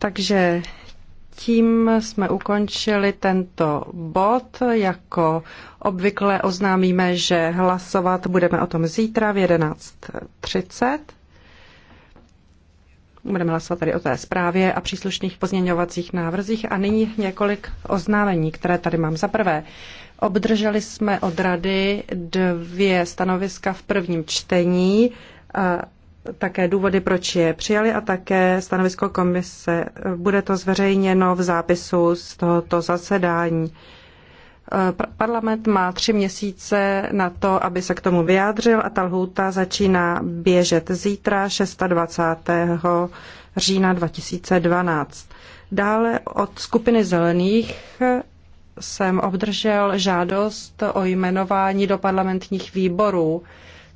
Takže tím jsme ukončili tento bod. Jako obvykle oznámíme, že hlasovat budeme o tom zítra v 11.30. Budeme hlasovat tady o té zprávě a příslušných pozměňovacích návrzích. A nyní několik oznámení, které tady mám. Za prvé, obdrželi jsme od rady dvě stanoviska v prvním čtení také důvody, proč je přijali a také stanovisko komise. Bude to zveřejněno v zápisu z tohoto zasedání. Parlament má tři měsíce na to, aby se k tomu vyjádřil a ta lhůta začíná běžet zítra 26. října 2012. Dále od skupiny zelených jsem obdržel žádost o jmenování do parlamentních výborů.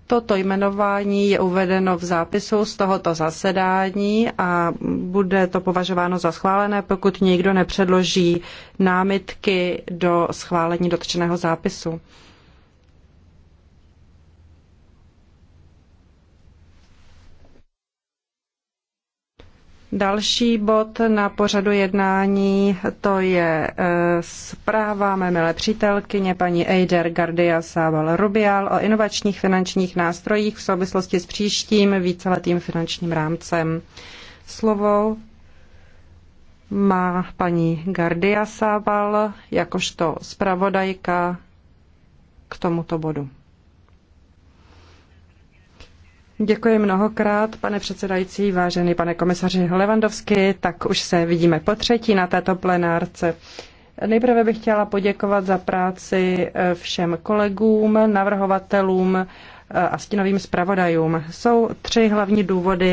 Toto jmenování je uvedeno v zápisu z tohoto zasedání a bude to považováno za schválené, pokud nikdo nepředloží námitky do schválení dotčeného zápisu. Další bod na pořadu jednání to je eh, zpráva mé milé přítelkyně paní Eider Gardia Sával Rubial o inovačních finančních nástrojích v souvislosti s příštím víceletým finančním rámcem. Slovo má paní Gardia Sával jakožto zpravodajka k tomuto bodu. Děkuji mnohokrát, pane předsedající, vážený pane komisaři Levandovsky, tak už se vidíme po třetí na této plenárce. Nejprve bych chtěla poděkovat za práci eh, všem kolegům, navrhovatelům eh, a stínovým zpravodajům. Jsou tři hlavní důvody,